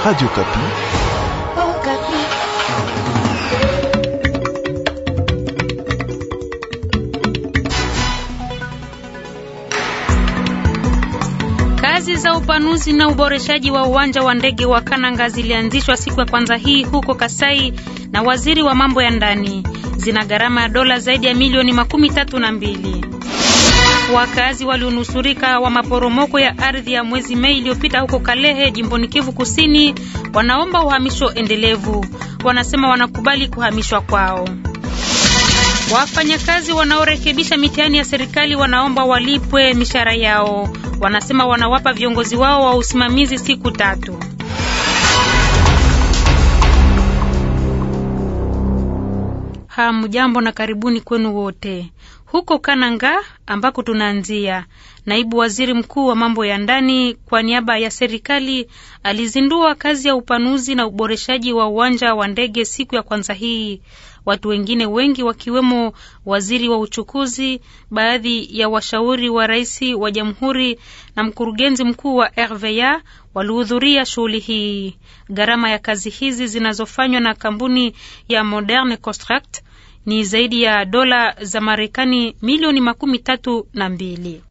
Radio Kapi. Oh, Kapi. Kazi za upanuzi na uboreshaji wa uwanja wa ndege wa Kananga zilianzishwa siku ya kwanza hii huko Kasai na waziri wa mambo ya ndani. Zina gharama ya dola zaidi ya milioni makumi tatu na mbili. Wakazi walionusurika wa maporomoko ya ardhi ya mwezi Mei iliyopita huko Kalehe jimboni Kivu Kusini wanaomba uhamisho endelevu. Wanasema wanakubali kuhamishwa kwao. Wafanyakazi wanaorekebisha mitihani ya serikali wanaomba walipwe mishahara yao. Wanasema wanawapa viongozi wao wa usimamizi siku tatu. Hamjambo na karibuni kwenu wote huko Kananga ambako tunaanzia. Naibu waziri mkuu wa mambo ya ndani kwa niaba ya serikali alizindua kazi ya upanuzi na uboreshaji wa uwanja wa ndege siku ya kwanza hii. Watu wengine wengi wakiwemo waziri wa uchukuzi, baadhi ya washauri wa rais wa jamhuri na mkurugenzi mkuu wa RVA walihudhuria shughuli hii. Gharama ya kazi hizi zinazofanywa na kampuni ya Moderne Construct ni zaidi ya dola za Marekani milioni makumi tatu na mbili.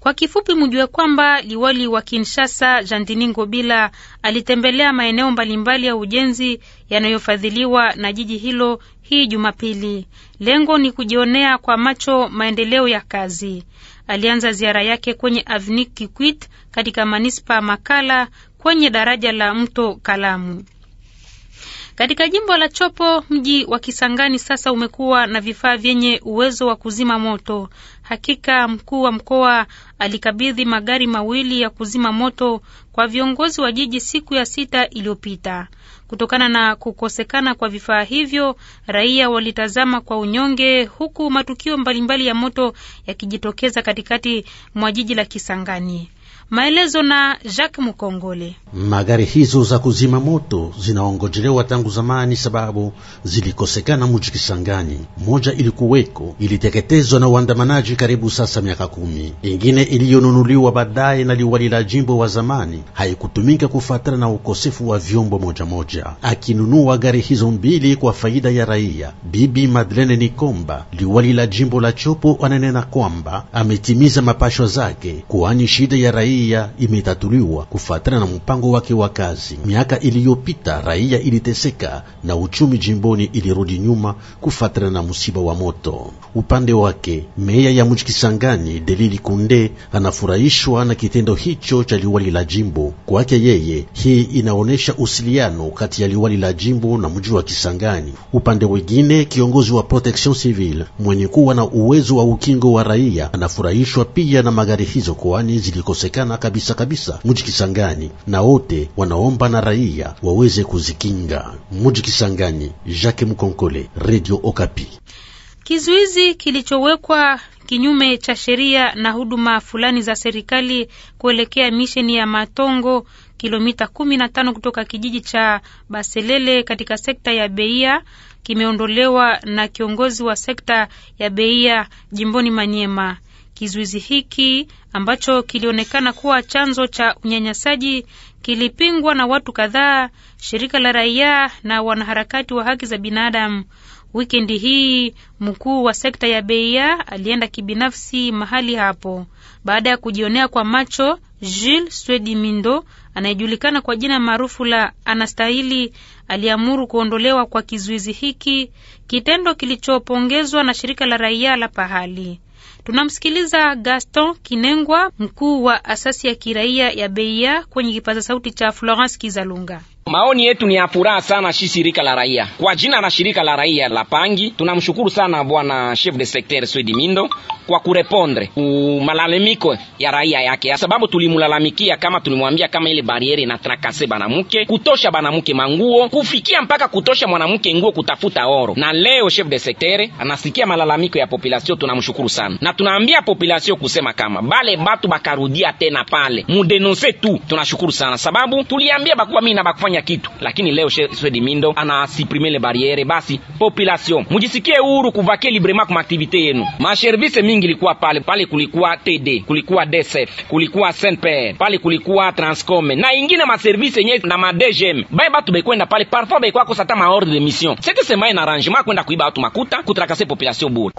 Kwa kifupi mjue kwamba liwali wa Kinshasa Jandini Ngobila alitembelea maeneo mbalimbali ya ujenzi yanayofadhiliwa na jiji hilo hii Jumapili. Lengo ni kujionea kwa macho maendeleo ya kazi. Alianza ziara yake kwenye Avnik Kikwit katika manispa Makala kwenye daraja la mto Kalamu. Katika jimbo la Chopo, mji wa Kisangani sasa umekuwa na vifaa vyenye uwezo wa kuzima moto. Hakika mkuu wa mkoa alikabidhi magari mawili ya kuzima moto kwa viongozi wa jiji siku ya sita iliyopita. Kutokana na kukosekana kwa vifaa hivyo, raia walitazama kwa unyonge, huku matukio mbalimbali ya moto yakijitokeza katikati mwa jiji la Kisangani. Maelezo na Jacques Mukongole. Magari hizo za kuzima moto zinaongojelewa tangu zamani, sababu zilikosekana muji Kisangani. Moja ilikuweko iliteketezwa na uandamanaji karibu sasa miaka kumi, ingine iliyonunuliwa baadaye na liwali la jimbo wa zamani haikutumika kufuatana na ukosefu wa vyombo moja moja. Akinunua gari hizo mbili kwa faida ya raia, Bibi Madeleine Nikomba, liwali la jimbo la Chopo, ananena kwamba ametimiza mapashwa zake, kwani shida ya raia raia imetatuliwa kufuatana na mpango wake wa kazi. Miaka iliyopita raia iliteseka na uchumi jimboni ilirudi nyuma kufuatana na msiba wa moto. Upande wake meya ya mji Kisangani Delili Kunde anafurahishwa na kitendo hicho cha liwali la jimbo. Kwake yeye, hii inaonyesha usiliano kati ya liwali la jimbo na mji wa Kisangani. Upande wengine, kiongozi wa Protection Civile mwenye kuwa na uwezo wa ukingo wa raia anafurahishwa pia na magari hizo, kwani zilikosekana sana kabisa kabisa muji Kisangani, na wote wanaomba na raia waweze kuzikinga. Muji Kisangani, Jacques mkonkole Radio Okapi. Kizuizi kilichowekwa kinyume cha sheria na huduma fulani za serikali kuelekea misheni ya Matongo, kilomita 15 kutoka kijiji cha Baselele katika sekta ya Beia kimeondolewa na kiongozi wa sekta ya Beia jimboni Manyema. Kizuizi hiki ambacho kilionekana kuwa chanzo cha unyanyasaji kilipingwa na watu kadhaa, shirika la raia na wanaharakati wa haki za binadamu. Wikendi hii mkuu wa sekta ya Beia alienda kibinafsi mahali hapo baada ya kujionea kwa macho. Jules mindo anayejulikana kwa jina maarufu la Anastahili aliamuru kuondolewa kwa kizuizi hiki, kitendo kilichopongezwa na shirika la raia la pahali. Tunamsikiliza Gaston Kinengwa, mkuu wa asasi ya kiraia ya Beia kwenye kipaza sauti cha Florence Kizalunga. Maoni yetu ni ya furaha sana shi shirika la raia kwa jina la shirika la raia la Pangi, tunamshukuru sana bwana chef de secteur Swedi Mindo kwa kurepondre malalamiko ya raia yake, ya sababu tulimlalamikia, kama tulimwambia kama ile bariere na trakase banamuke kutosha banamuke manguo kufikia mpaka kutosha mwanamke nguo kutafuta oro, na leo chef de secteur anasikia malalamiko ya population, tunamshukuru sana na tunaambia population kusema kama bale batu bakarudia tena pale mudenonse tu. Tunashukuru sana sababu tuliambia bakuwa mimi na bakufanya kila kitu, lakini leo Swedi Mindo ana supprimer les barrières. Basi population mujisikie huru kuvake librema ku activité yenu. Ma service mingi ilikuwa pale pale, kulikuwa TD, kulikuwa DSF, kulikuwa SNPR pale, kulikuwa Transcom na ingine ma service yenye na ma madgm baye batu bekwenda pale parfois ma ordre de mission sete sema na arrangement kwenda kuiba watu makuta kutrakase population bure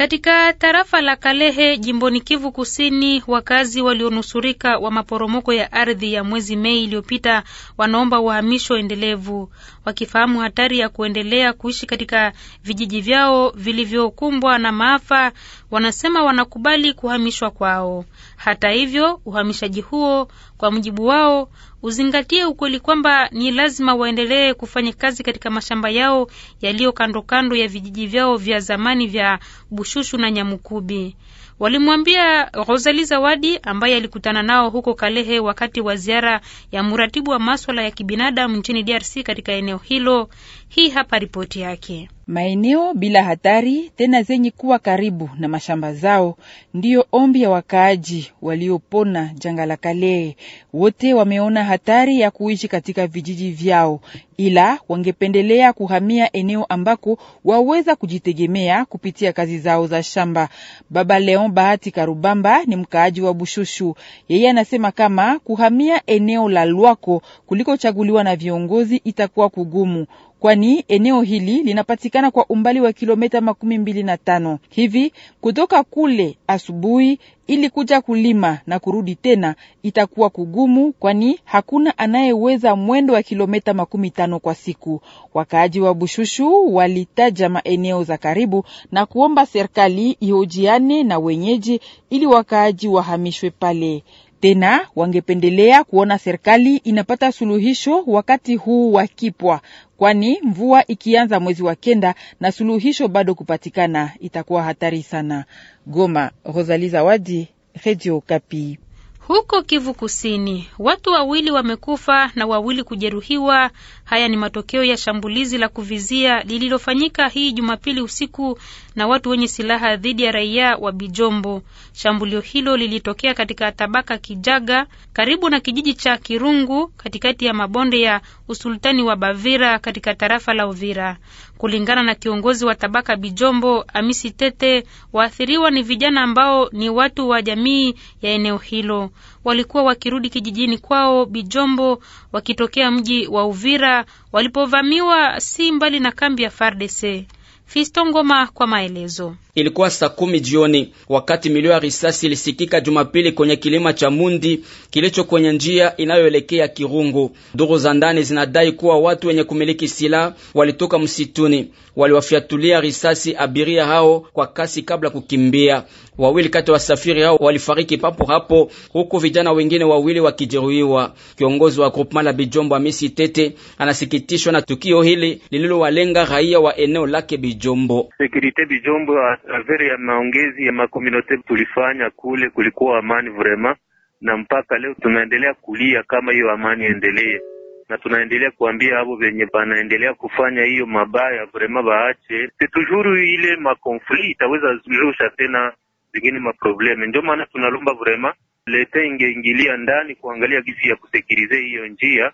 Katika tarafa la Kalehe jimboni Kivu Kusini, wakazi walionusurika wa maporomoko ya ardhi ya mwezi Mei iliyopita wanaomba uhamisho endelevu, wakifahamu hatari ya kuendelea kuishi katika vijiji vyao vilivyokumbwa na maafa wanasema wanakubali kuhamishwa kwao. Hata hivyo, uhamishaji huo, kwa mujibu wao, uzingatie ukweli kwamba ni lazima waendelee kufanya kazi katika mashamba yao yaliyo kando kando ya vijiji vyao vya zamani vya Bushushu na Nyamukubi. Walimwambia Rosalie Zawadi ambaye alikutana nao huko Kalehe wakati wa ziara ya mratibu wa maswala ya kibinadamu nchini DRC katika eneo hilo. Hii hapa ripoti yake. Maeneo bila hatari tena zenye kuwa karibu na mashamba zao ndiyo ombi ya wakaaji waliopona janga la kale. Wote wameona hatari ya kuishi katika vijiji vyao, ila wangependelea kuhamia eneo ambako waweza kujitegemea kupitia kazi zao za shamba. Baba Leon Bahati Karubamba ni mkaaji wa Bushushu. Yeye anasema kama kuhamia eneo la Lwako kulikochaguliwa na viongozi itakuwa kugumu kwani eneo hili linapatikana kwa umbali wa kilometa makumi mbili na tano hivi kutoka kule asubuhi ili kuja kulima na kurudi tena itakuwa kugumu, kwani hakuna anayeweza mwendo wa kilometa makumi tano kwa siku. Wakaaji wa Bushushu walitaja maeneo za karibu na kuomba serikali ihojiane na wenyeji ili wakaaji wahamishwe pale. Tena wangependelea kuona serikali inapata suluhisho wakati huu wa kipwa, kwani mvua ikianza mwezi wa kenda na suluhisho bado kupatikana itakuwa hatari sana. Goma, rosali Zawadi, Redio Kapi. Huko Kivu Kusini, watu wawili wamekufa na wawili kujeruhiwa Haya ni matokeo ya shambulizi la kuvizia lililofanyika hii Jumapili usiku na watu wenye silaha dhidi ya raia wa Bijombo. Shambulio hilo lilitokea katika tabaka Kijaga karibu na kijiji cha Kirungu katikati ya mabonde ya usultani wa Bavira katika tarafa la Uvira. Kulingana na kiongozi wa tabaka Bijombo Amisi Tete, waathiriwa ni vijana ambao ni watu wa jamii ya eneo hilo walikuwa wakirudi kijijini kwao Bijombo wakitokea mji wa Uvira walipovamiwa si mbali na kambi ya FARDC. Fisto Ngoma kwa maelezo. Ilikuwa saa kumi jioni wakati milio ya risasi ilisikika Jumapili kwenye kilima cha Mundi kilicho kwenye njia inayoelekea Kirungu. Duru za ndani zinadai kuwa watu wenye kumiliki silaha walitoka msituni, waliwafyatulia risasi abiria hao kwa kasi kabla kukimbia. Wawili kati wasafiri hao walifariki papo hapo, huku vijana wengine wawili wakijeruhiwa. Kiongozi wa groupement la Bijombo Amisi Tete anasikitishwa na tukio hili lililowalenga raia wa eneo lake Bijombo. Bijombo. Sekirite Bijombo, avere ya maongezi ya makominote tulifanya kule, kulikuwa amani vrema, na mpaka leo tunaendelea kulia kama hiyo amani endelee, na tunaendelea kuambia hapo venye banaendelea kufanya hiyo mabaya vrema baache setujuru, ile makonfli itaweza zirusha tena zingine maprobleme. Ndio maana tunalomba vrema lete ingeingilia ndani kuangalia gisi ya kusekirize hiyo njia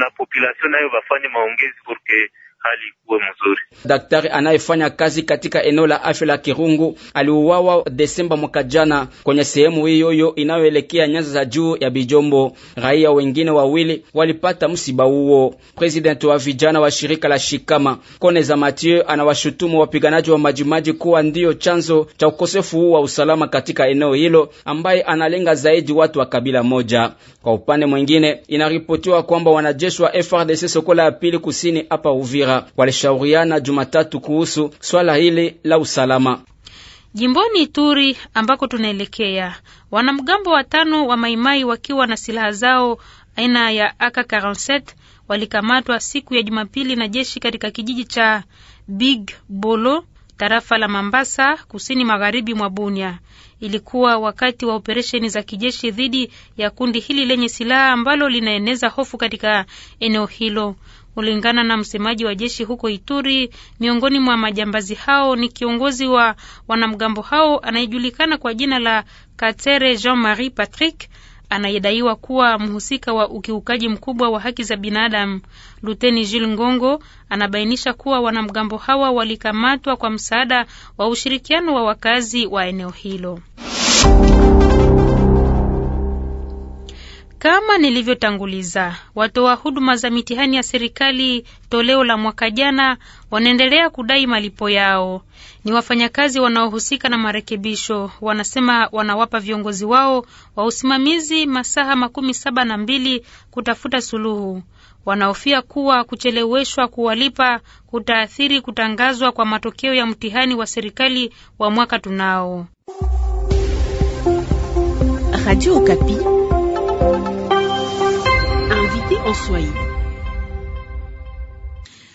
na population nayo wafanye maongezi porque hali kuwe mzuri. Daktari anayefanya kazi katika eneo la afya la Kirungu aliuawa Desemba mwaka jana kwenye sehemu hiyo hiyo inayoelekea nyanza za juu ya Bijombo. Raia wengine wawili walipata msiba huo. President wa vijana wa shirika la Shikama za Mathieu anawashutumu wapiganaji wa majimaji kuwa ndiyo chanzo cha ukosefu huu wa usalama katika eneo hilo, ambaye analenga zaidi watu wa kabila moja. Kwa upande mwingine, inaripotiwa kwamba wanajeshi wa FRDC Sokola ya pili kusini hapa Uvira Uvira walishauriana Jumatatu kuhusu swala hili la usalama. Jimboni Ituri ambako tunaelekea, wanamgambo watano wa Maimai wakiwa na silaha zao aina ya AK47 walikamatwa siku ya Jumapili na jeshi katika kijiji cha Big Bolo tarafa la Mambasa kusini magharibi mwa Bunia. Ilikuwa wakati wa operesheni za kijeshi dhidi ya kundi hili lenye silaha ambalo linaeneza hofu katika eneo hilo. Kulingana na msemaji wa jeshi huko Ituri, miongoni mwa majambazi hao ni kiongozi wa wanamgambo hao anayejulikana kwa jina la Katere Jean Marie Patrick anayedaiwa kuwa mhusika wa ukiukaji mkubwa wa haki za binadamu. Luteni Jules Ngongo anabainisha kuwa wanamgambo hawa walikamatwa kwa msaada wa ushirikiano wa wakazi wa eneo hilo. Kama nilivyotanguliza, watoa huduma za mitihani ya serikali toleo la mwaka jana wanaendelea kudai malipo yao. Ni wafanyakazi wanaohusika na marekebisho, wanasema wanawapa viongozi wao wa usimamizi masaha makumi saba na mbili kutafuta suluhu. Wanahofia kuwa kucheleweshwa kuwalipa kutaathiri kutangazwa kwa matokeo ya mtihani wa serikali wa mwaka tunao. Radio Oswai.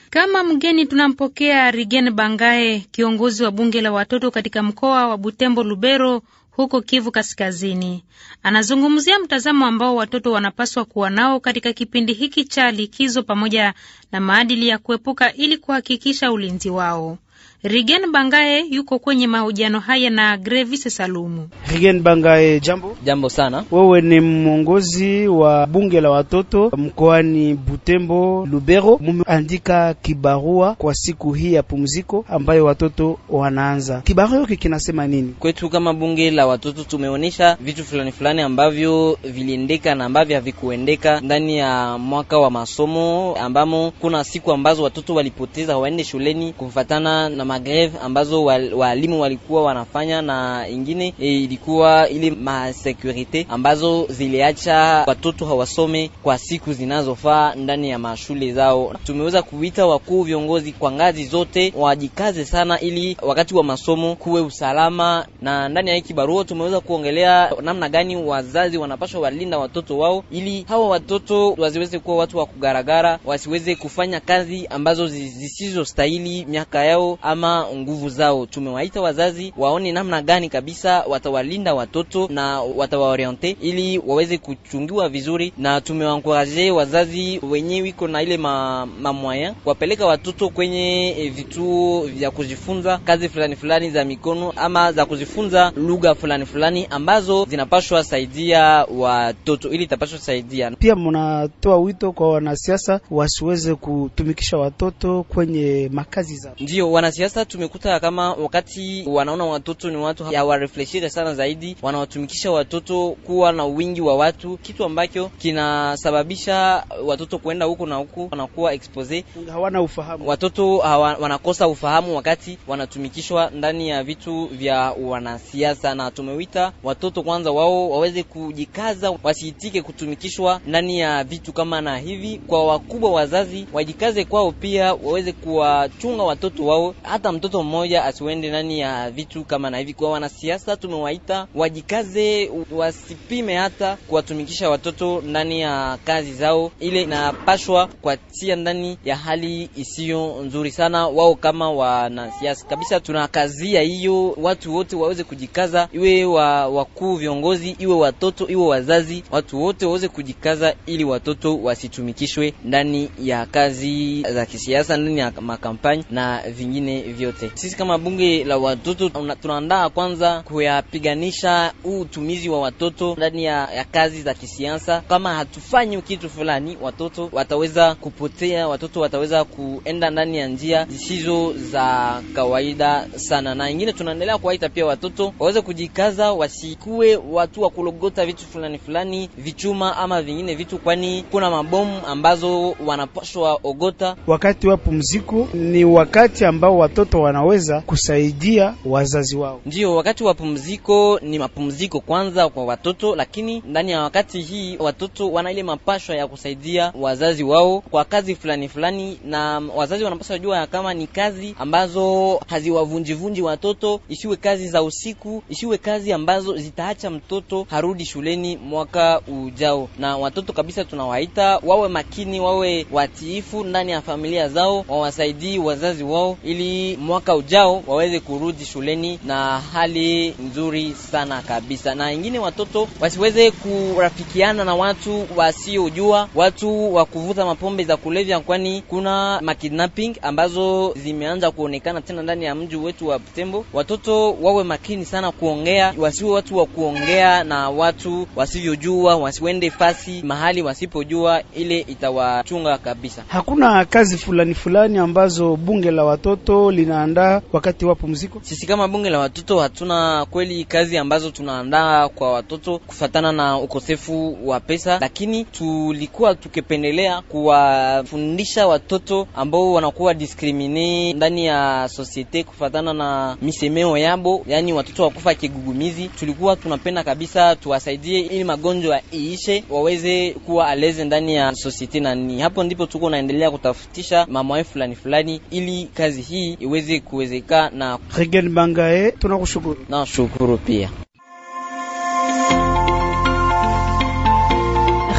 Kama mgeni tunampokea Rigen Bangae, kiongozi wa bunge la watoto katika mkoa wa Butembo Lubero huko Kivu Kaskazini. Anazungumzia mtazamo ambao watoto wanapaswa kuwa nao katika kipindi hiki cha likizo pamoja na maadili ya kuepuka ili kuhakikisha ulinzi wao. Rigen Bangae yuko kwenye mahojiano haya na Grevis Salumu. Rigen Bangae, jambo. Jambo sana. Wewe ni mwongozi wa bunge la watoto mkoani Butembo, Lubero. Mumeandika kibarua kwa siku hii ya pumziko ambayo watoto wanaanza. Kibarua hiki kinasema nini kwetu kama bunge la watoto? Tumeonyesha vitu fulani fulani ambavyo viliendeka na ambavyo havikuendeka ndani ya mwaka wa masomo, ambamo kuna siku ambazo watoto walipoteza waende shuleni kufatana na magreve ambazo walimu walikuwa wanafanya, na ingine eh, ilikuwa ile masekurite ambazo ziliacha watoto hawasome kwa siku zinazofaa ndani ya mashule zao. Tumeweza kuita wakuu viongozi kwa ngazi zote wajikaze sana, ili wakati wa masomo kuwe usalama. Na ndani ya hiki barua tumeweza kuongelea namna gani wazazi wanapaswa walinda watoto wao, ili hawa watoto wasiweze kuwa watu wa kugaragara, wasiweze kufanya kazi ambazo zisizostahili miaka yao ama kama nguvu zao. Tumewaita wazazi waone namna gani kabisa watawalinda watoto na watawaoriente ili waweze kuchungiwa vizuri, na tumewankuraje wazazi wenye wiko na ile mamwaya ma kuwapeleka watoto kwenye eh, vituo vya kujifunza kazi fulani fulani za mikono ama za kujifunza lugha fulani fulani ambazo zinapashwa saidia watoto ili itapashwa saidia. Pia mnatoa wito kwa wanasiasa wasiweze kutumikisha watoto kwenye makazi zao, ndio wanasiasa sasa tumekuta kama wakati wanaona watoto ni watu hawarefleshire sana zaidi, wanawatumikisha watoto kuwa na wingi wa watu, kitu ambacho kinasababisha watoto kuenda huko na huko, wanakuwa expose, hawana ufahamu. Watoto hawa, wanakosa ufahamu wakati wanatumikishwa ndani ya vitu vya wanasiasa, na tumewita watoto kwanza wao waweze kujikaza, wasiitike kutumikishwa ndani ya vitu kama na hivi. Kwa wakubwa wazazi wajikaze kwao pia waweze kuwachunga watoto wao hata hata mtoto mmoja asiwende ndani ya vitu kama na hivi. Kwa wanasiasa tumewaita wajikaze, wasipime hata kuwatumikisha watoto ndani ya kazi zao, ile inapashwa kuatia ndani ya hali isiyo nzuri sana. Wao kama wanasiasa kabisa, tunakazia hiyo, watu wote waweze kujikaza, iwe wa wakuu viongozi, iwe watoto, iwe wazazi, watu wote waweze kujikaza ili watoto wasitumikishwe ndani ya kazi za kisiasa, ndani ya makampani na vingine vyote. Sisi kama bunge la watoto tunaandaa kwanza kuyapiganisha huu utumizi wa watoto ndani ya, ya kazi za kisiasa. Kama hatufanyi kitu fulani, watoto wataweza kupotea, watoto wataweza kuenda ndani ya njia zisizo za kawaida sana, na ingine tunaendelea kuwaita pia watoto waweze kujikaza, wasikue watu wa kulogota vitu fulani fulani, vichuma ama vingine vitu, kwani kuna mabomu ambazo wanapashwa ogota. Wakati wa pumziko ni wakati ambao watoto wanaweza kusaidia wazazi wao. Ndio wakati wa pumziko, ni mapumziko kwanza kwa watoto, lakini ndani ya wakati hii watoto wana ile mapashwa ya kusaidia wazazi wao kwa kazi fulani fulani, na wazazi wanapaswa jua kama ni kazi ambazo haziwavunjivunji watoto, isiwe kazi za usiku, isiwe kazi ambazo zitaacha mtoto harudi shuleni mwaka ujao. Na watoto kabisa tunawaita wawe makini, wawe watiifu ndani ya familia zao, wawasaidii wazazi wao ili mwaka ujao waweze kurudi shuleni na hali nzuri sana kabisa, na ingine watoto wasiweze kurafikiana na watu wasiojua, watu wa kuvuta mapombe za kulevya, kwani kuna makidnapping ambazo zimeanza kuonekana tena ndani ya mji wetu wa Butembo. Watoto wawe makini sana kuongea, wasiwe watu wa kuongea na watu wasivyojua, wasiwende fasi mahali wasipojua, ile itawachunga kabisa. Hakuna kazi fulani fulani ambazo bunge la watoto linaandaa wakati wa pumziko. Sisi kama bunge la watoto hatuna kweli kazi ambazo tunaandaa kwa watoto kufatana na ukosefu wa pesa, lakini tulikuwa tukipendelea kuwafundisha watoto ambao wanakuwa diskrimine ndani ya sosiete kufatana na misemeo yabo, yaani watoto wakufa kigugumizi. Tulikuwa tunapenda kabisa tuwasaidie ili magonjwa iishe, waweze kuwa aleze ndani ya sosiete, na ni hapo ndipo tuko naendelea kutafutisha mamwae fulani fulani ili kazi hii iwezi kuwezekana. Regen Bangae, tunakushukuru. Nashukuru pia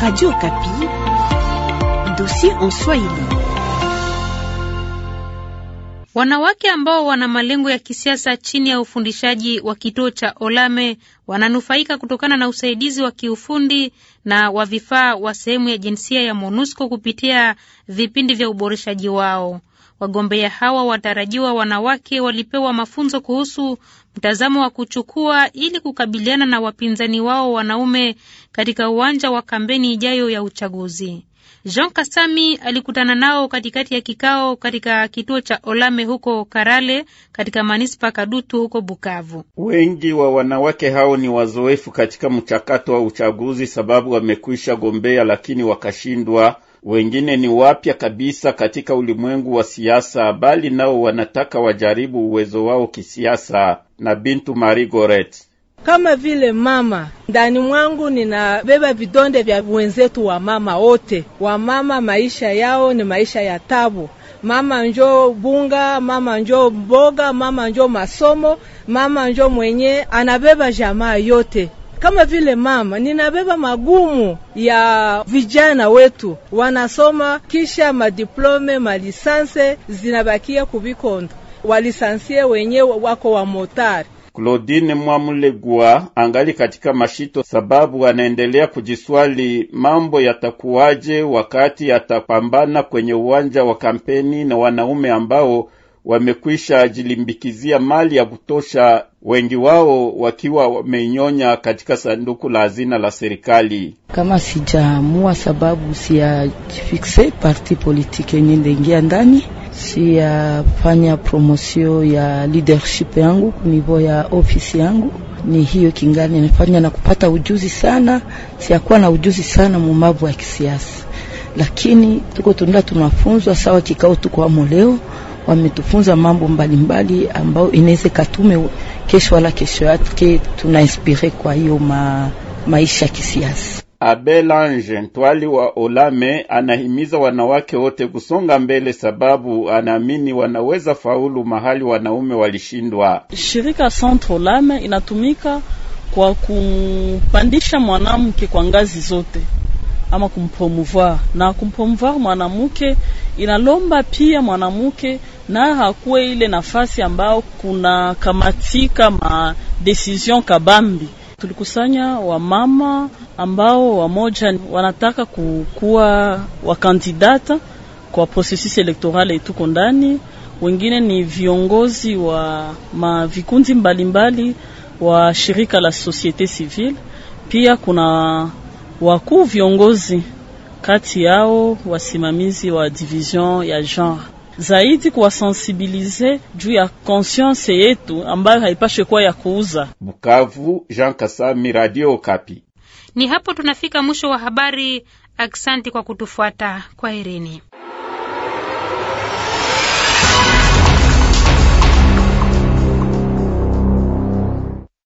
Radio Kapi, dossier en Swahili. Wanawake ambao wana malengo ya kisiasa chini ya ufundishaji wa kituo cha Olame wananufaika kutokana na usaidizi wa kiufundi na wa vifaa wa sehemu ya jinsia ya MONUSCO kupitia vipindi vya uboreshaji wao. Wagombea hawa watarajiwa wanawake walipewa mafunzo kuhusu mtazamo wa kuchukua ili kukabiliana na wapinzani wao wanaume katika uwanja wa kampeni ijayo ya uchaguzi. Jean Kasami alikutana nao katikati ya kikao katika kituo cha Olame huko Karale katika manispa Kadutu huko Bukavu. Wengi wa wanawake hao ni wazoefu katika mchakato wa uchaguzi, sababu wamekwisha gombea lakini wakashindwa wengine ni wapya kabisa katika ulimwengu wa siasa, bali nao wanataka wajaribu uwezo wao kisiasa. Na Bintu Marigoret kama vile mama ndani mwangu ninabeba vidonde vya wenzetu wa mama wote. Wamama maisha yao ni maisha ya tabu. Mama njo bunga, mama njo mboga, mama njo masomo, mama njo mwenye anabeba jamaa yote. Kama vile mama, ninabeba magumu ya vijana wetu, wanasoma kisha madiplome malisanse zinabakia kubikondo, walisansie wenye wako wa motari Claudine Mwamulegwa angali katika mashito, sababu anaendelea kujiswali mambo yatakuwaje wakati atapambana kwenye uwanja wa kampeni na wanaume ambao wamekwisha jilimbikizia mali ya kutosha wengi wao wakiwa wameinyonya katika sanduku la hazina la serikali. Kama sijaamua sababu siyajifikse parti politike yenye ndaingia ndani, siyafanya promosio ya leadership yangu kunivo ya ofisi yangu ni hiyo kingani nafanya na kupata ujuzi sana, siyakuwa na ujuzi sana mumavu ya kisiasa, lakini tuko tunda tunafunzwa sawa. Kikao tuko amo leo, wametufunza mambo mbalimbali ambayo inaweza katume kesho wala kesho yake, tunainspire kwa hiyo ma, maisha ya kisiasa. Ange Ntwali wa Olame anahimiza wanawake wote kusonga mbele, sababu anaamini wanaweza faulu mahali wanaume walishindwa. Shirika Centre Olame inatumika kwa kupandisha mwanamke kwa ngazi zote ama kumpromouvoir. Na kumpromouvoir mwanamke inalomba pia mwanamke na hakuwe ile nafasi ambayo kuna kamatika ma decision kabambi. Tulikusanya wamama ambao wamoja wanataka kukuwa wakandidata kwa processus electoral etuko ndani, wengine ni viongozi wa mavikundi mbalimbali wa shirika la societe civile, pia kuna wakuu viongozi, kati yao wasimamizi wa division ya genre zaidi kuwasensibilize juu ya conscience yetu ambayo haipashe kuwa ya kuuza. Bukavu, Jean Kasami, Radio Kapi. Ni hapo tunafika mwisho wa habari. Aksanti kwa kutufuata. kwa Kwaherini.